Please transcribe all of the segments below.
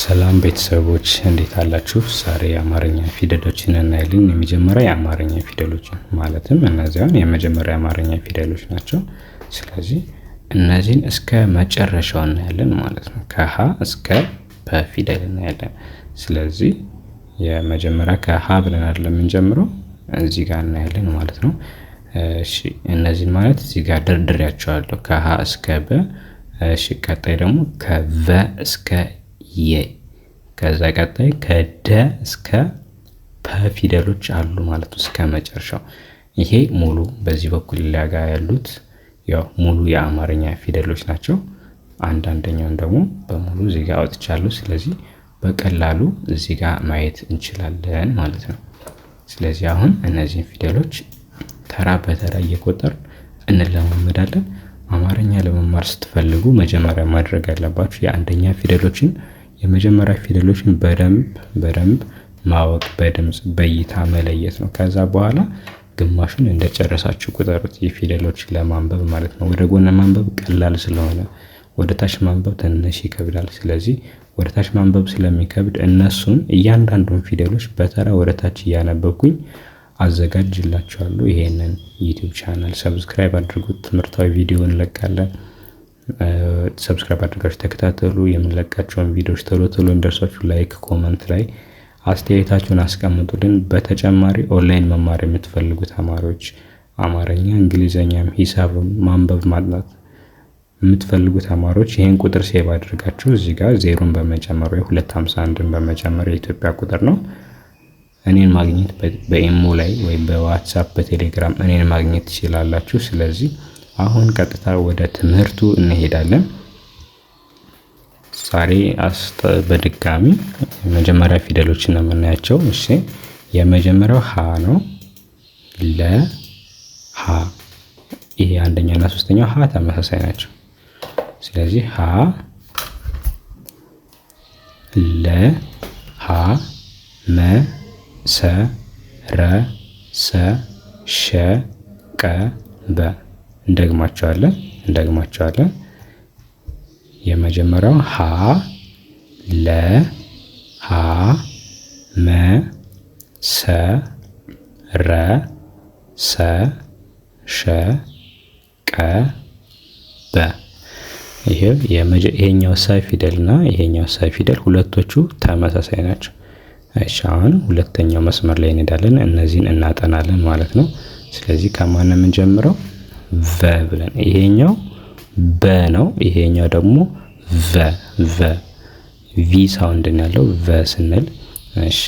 ሰላም ቤተሰቦች እንዴት አላችሁ? ዛሬ የአማርኛ ፊደሎችን እናያለን። የመጀመሪያ የአማርኛ ፊደሎችን ማለትም እነዚያን የመጀመሪያ የአማርኛ ፊደሎች ናቸው። ስለዚህ እነዚህን እስከ መጨረሻው እናያለን ማለት ነው። ከሀ እስከ በፊደል ፊደል እናያለን። ስለዚህ የመጀመሪያ ከሀ ብለን አይደለም የምንጀምረው እዚህ ጋር እናያለን ማለት ነው። እሺ እነዚህን ማለት እዚህ ጋር ደርድሬያቸዋለሁ ከሀ እስከ በ። እሺ ቀጣይ ደግሞ ከቨ እስከ የ ከዛ ቀጣይ ከደ እስከ ፐ ፊደሎች አሉ ማለት ነው፣ እስከ መጨረሻው። ይሄ ሙሉ በዚህ በኩል ሊያጋ ያሉት ያው ሙሉ የአማርኛ ፊደሎች ናቸው። አንዳንደኛውን ደግሞ በሙሉ እዚህ ጋር አውጥቻለሁ። ስለዚህ በቀላሉ እዚህ ጋር ማየት እንችላለን ማለት ነው። ስለዚህ አሁን እነዚህን ፊደሎች ተራ በተራ እየቆጠር እንለማመዳለን። አማርኛ ለመማር ስትፈልጉ መጀመሪያ ማድረግ ያለባችሁ የአንደኛ ፊደሎችን የመጀመሪያ ፊደሎችን በደንብ በደንብ ማወቅ በድምፅ በእይታ መለየት ነው። ከዛ በኋላ ግማሹን እንደጨረሳችሁ ቁጠሩት። የፊደሎች ለማንበብ ማለት ነው። ወደ ጎን ማንበብ ቀላል ስለሆነ ወደ ታች ማንበብ ትንሽ ይከብዳል። ስለዚህ ወደ ታች ማንበብ ስለሚከብድ እነሱን እያንዳንዱን ፊደሎች በተራ ወደ ታች እያነበብኩኝ አዘጋጅላችኋለሁ። ይሄንን ዩቲዩብ ቻናል ሰብስክራይብ አድርጉት። ትምህርታዊ ቪዲዮ እንለቃለን። ሰብስክራይብ አድርጋችሁ ተከታተሉ። የምንለቃቸውን ቪዲዮዎች ቶሎ ቶሎ እንደርሳችሁ ላይክ፣ ኮመንት ላይ አስተያየታችሁን አስቀምጡልን። በተጨማሪ ኦንላይን መማር የምትፈልጉ ተማሪዎች አማርኛ፣ እንግሊዝኛም ሂሳብ ማንበብ ማጥናት የምትፈልጉ ተማሪዎች ይህን ቁጥር ሴቭ አድርጋችሁ እዚህ ጋር ዜሮን በመጨመር ወይ 251 በመጨመር የኢትዮጵያ ቁጥር ነው እኔን ማግኘት በኢሞ ላይ ወይም በዋትሳፕ በቴሌግራም እኔን ማግኘት ትችላላችሁ። ስለዚህ አሁን ቀጥታ ወደ ትምህርቱ እንሄዳለን። ዛሬ በድጋሚ የመጀመሪያ ፊደሎችን ነው የምናያቸው። እሺ የመጀመሪያው ሀ ነው። ለ ሀ ይሄ አንደኛና ሶስተኛው ሀ ተመሳሳይ ናቸው። ስለዚህ ሀ ለ ሀ መ ሰ ረ ሰ ሸ ቀ በ እንደግማቸዋለን እንደግማቸዋለን። የመጀመሪያው ሀ ለ ሀ መ ሰ ረ ሰ ሸ ቀ በ ይሄ ይሄኛው ሰ ፊደልና ይሄኛው ሰ ፊደል ሁለቶቹ ተመሳሳይ ናቸው። እሺ አሁን ሁለተኛው መስመር ላይ እንሄዳለን። እነዚህን እናጠናለን ማለት ነው። ስለዚህ ከማን ነው የምንጀምረው? ቨ ብለን ይሄኛው በ ነው። ይሄኛው ደግሞ ቨ ቨ ቪ ሳውንድ ነው ያለው ቨ ስንል። እሺ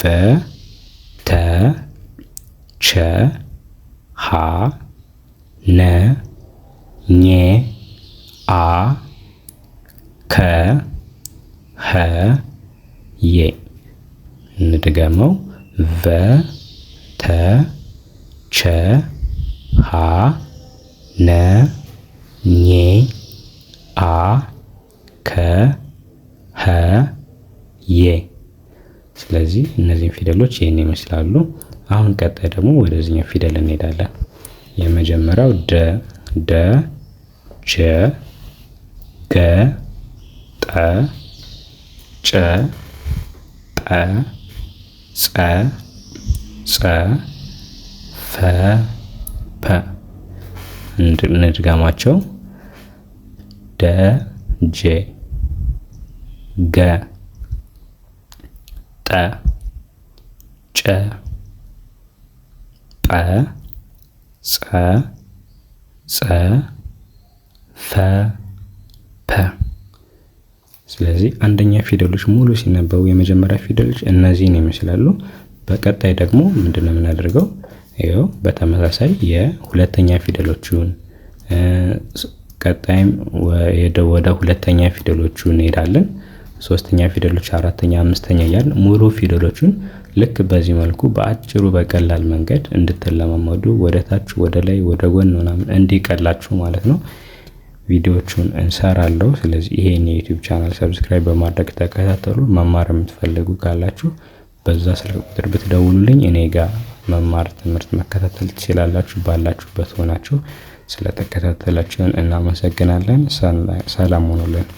ቨ ተ ቸ ሀ ነ ኘ አ ከ ሀ የ እንድገመው ቨ ተ ቸ ሀ ነ ኜ አ ከ ሀ የ ስለዚህ እነዚህን ፊደሎች ይህን ይመስላሉ። አሁን ቀጣይ ደግሞ ወደዚህኛው ፊደል እንሄዳለን። የመጀመሪያው ደ ደ ጀ ገ ጠ ጨ ጠ ጸ ጸ ፈ ፐ እንድጋማቸው ደ ጄ ገ ጠ ጨ ጰ ጸ ጸ ፈ ፐ። ስለዚህ አንደኛ ፊደሎች ሙሉ ሲነበቡ የመጀመሪያ ፊደሎች እነዚህን ይመስላሉ። በቀጣይ ደግሞ ምንድነው የምናደርገው? ይኸው በተመሳሳይ የሁለተኛ ፊደሎቹን ቀጣይም ወደ ሁለተኛ ፊደሎቹ እንሄዳለን። ሶስተኛ ፊደሎች፣ አራተኛ፣ አምስተኛ እያል ሙሉ ፊደሎቹን ልክ በዚህ መልኩ በአጭሩ በቀላል መንገድ እንድትለማመዱ ወደ ታች፣ ወደ ላይ፣ ወደ ጎን ምናምን እንዲቀላችሁ ማለት ነው ቪዲዮቹን እንሰራለሁ። ስለዚህ ይሄን የዩቲዩብ ቻናል ሰብስክራይብ በማድረግ ተከታተሉ። መማር የምትፈልጉ ካላችሁ በዛ ስልክ ቁጥር ብትደውሉልኝ እኔ ጋር መማር ትምህርት መከታተል ትችላላችሁ ባላችሁበት ሆናችሁ። ስለተከታተላችሁን እናመሰግናለን። ሰላም ሆኖልን